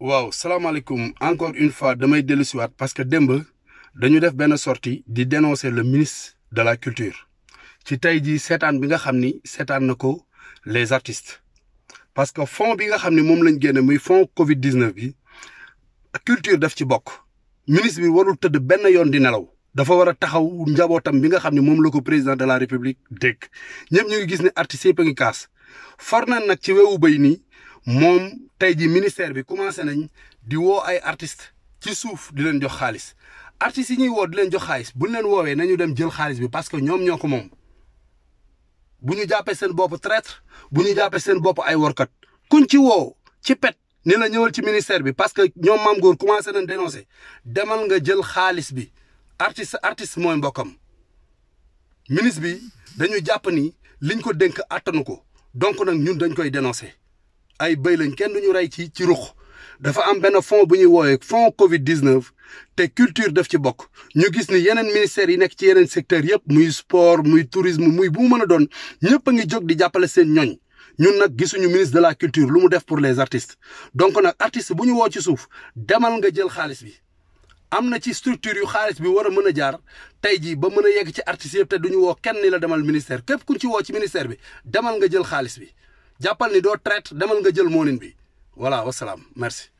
waaw salaamaaleykum encore une fois damay dellusiwaat parce que démb dañu def benn sorti di dénoncer le ministre de la culture ci tey jii seetaan bi nga xam ni seetaan na ko les artistes parce que fonds bi nga xam ni moom lañ génne muy fonds Covid bi culture def ci bokk ministre bi warul tëdd benn yoon di nelaw. dafa war a taxaw njabootam bi nga xam ne moom la ko président de la république dégg ñëpp ñu ngi gis ne artistes yëpp a ngi kaas for naan nag ci wewu bay nii moom tey ji ministère bi commencé nañ di woo ay artist ci suuf di leen jox xaalis artistes yi ñuy woo di leen jox xaalis buñ leen woowee nañu dem jël xaalis bi parce que ñoom ñoo ko moom bu ñu jàppee seen bopp traître bu ñu jàppee seen bopp ay workat kuñ ci woow ci pet ni la ñëwal ci ministère bi parce que ñoom maam góor commencé nañ dénoncé demal nga jël xaalis bi artiste artiste mooy mbokkam ministre bi dañu jàpp ni liñ ko dénk attanu ko donc nag ñun dañ koy dénoncé ay bëy lañ kenn duñu rey ci ci ruq dafa am benn fonds bu ñuy woowee fonds Covid 19 te culture def ci bokk ñu gis ni yeneen ministères yi nekk ci yeneen secteurs yëpp muy sport muy tourisme muy bu mu mën a doon ñëpp a ngi jóg di jàppale seen ñoñ ñun nag gisuñu ministre de la culture lu mu def pour les artistes donc nag artiste bu ñu woo ci suuf demal nga jël xaalis bi. am na ci structure yu xaalis bi war a mën a jaar tey jii ba mën a yegg ci artistes yëpp te woo kenn ni la demal ministère képp kuñ ci woo ci ministère bi demal jël xaalis bi. jàppal ni doo traite demal nga jël moonin bi voilà wasalaam merci.